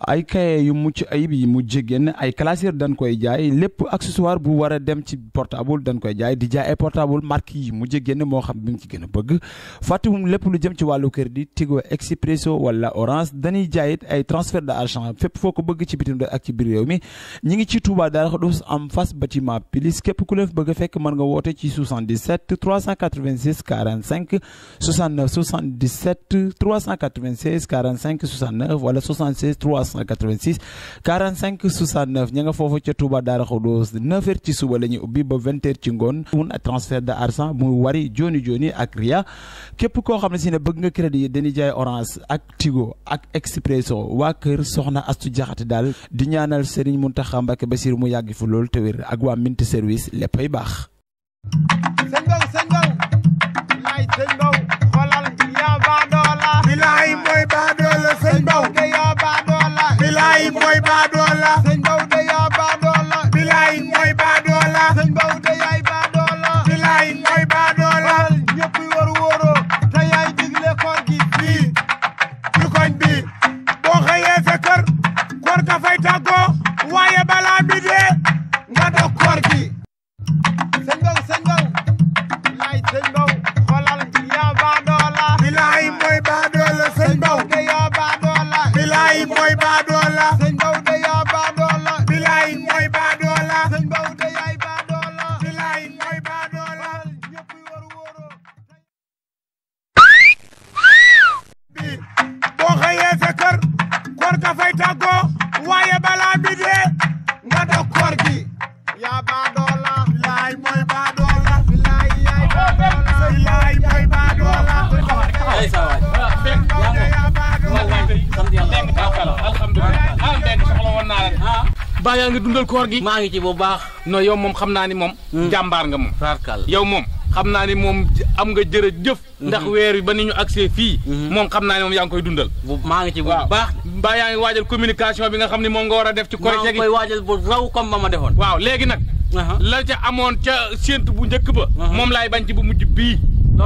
ay cahier yu mucc ayib yi mujj génn ay classeur dañ koy jaay lépp accessoire bu war dem ci portable dañ koy jaay di jaay ay portable marque yi mujj génn moo xam bi mu ci gën a bëgg fàttali lépp lu jëm ci wàllu crédit Tigo Expresso wala Orange dañuy jaayit ay transfert d'argent fépp foo ko bëgg ci bitim ak ci biir mi ñi ngi ci Touba Darou Khoudoss am ku leen bëgg fekk mën nga woote ci 77 386 45 69 77 396 45 69 wala 76 386 45 69 ña nga foofu ca Touba Daara Khoudous 9h ci suba la ñuy ubbi ba 20h ci ngoon mun transfert de argent muy wari joni joni ak ria képp koo xam ne si ne bëgg nga crédit yi dañuy jaay orange ak tigo ak expresso waa kër soxna astu jaxate daal di ñaanal Serigne Mountakha ba Bassirou mu yàgg fi lool te wér ak waa Minti service léppay baax sëñ Ndaw sëñ Ndaw dafay tàggoo waaye balaa bi dee nga dog gi bi de nga gi yaa baadoola ah. dundal koor gi maa ngi ci bu baax non yow moom xam naa ni moom hmm. jàmbaar nga moom yow moom xam naa ne moom am nga jër jëf ndax weer wi ba ni ñu agsee fii. Mhm. moom xam naa ne moom yaa ngi koy dundal. bu maa ngi i bu baax. mbaa waajal communication bi nga xam ne moom nga war a def. ci korite gi maa ngi koy waajal bu raw comme ba ma defoon. waaw léegi nag. la ca amoon ca séentu bu njëkk ba. moom laay bañ ci bu mujj bii.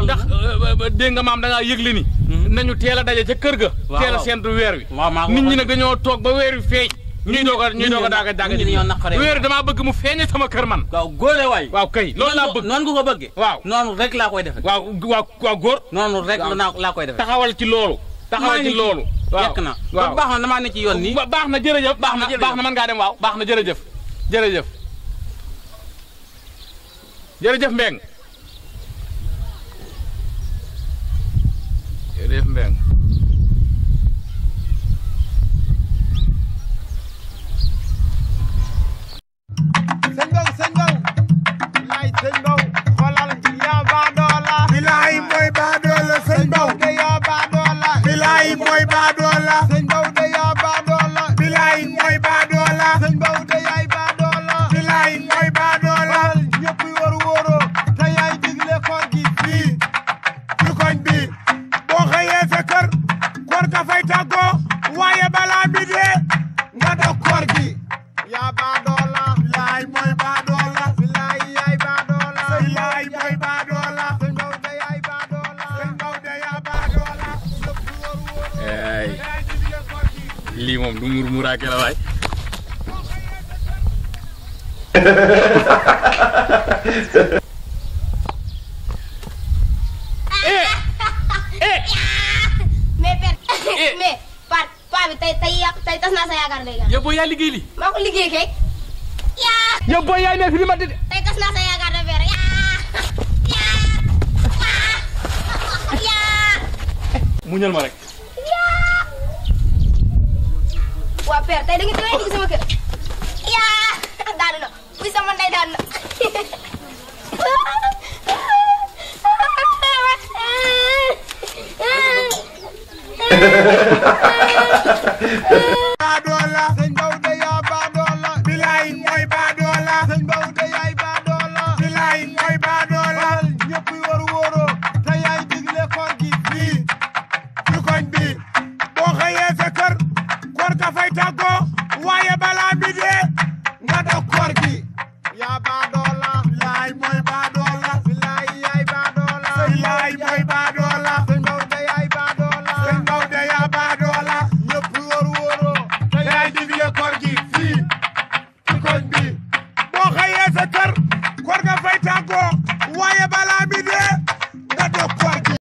ndax euh, euh, euh, dégg nga maam da ngaa yëgle ni. Mhm. nañu teel a daje ca kër ga. waaw teel a séentu weer wi. nit ñi nag dañoo toog ba weer wi feeñ ñuy doog a ñuy doog a daaga daaga ñoo bëgg mu feeñ sama kër man waaw góore waay waaw kay loolu laa bëgg noonu nga ko bëggee waaw noonu rek laa koy defe waaw waaw waaw góor noonu rek laa koy defe taxawal ci loolu taxawal ci loolu yekk na waaw baax na damaa ne ci yoon nii baax na jërëjëf baax na baax na mën ngaa dem waaw na jërëjëf jërëjëf jërëjëf ko waaye balaa bi dee nga dog koor gi yaa baadoola yaay mooy baadoola bilaay yaay baadoola yaay mooy baadoola sëñ Maodo yaay baadoola sëñ Maodo yaa baadoola ay lii moom du murmuraake la waay bi tey tey yàq tey tas naa sa yaakaar léegi. yow liggéey li maa ko liggéey kay. yaa. yow booy yaay nekk li ma di. tey tas naa sa yaakaar de weer muñal ma rek. waa père tey da nga sama kër. baadoola sëñ Daouda yaa baadoola bilaay mooy baadoola sëñ Daouda yaay baadoola bilaay mooy baadoola ñëpp war wóoroo te yaay digle koor gi fii ci koñ bi boo xëyee sa kër koor ka fay tàggoo waaye balaa bi dee nga dog koor gi yaa baadoola bilaay mooy baadoola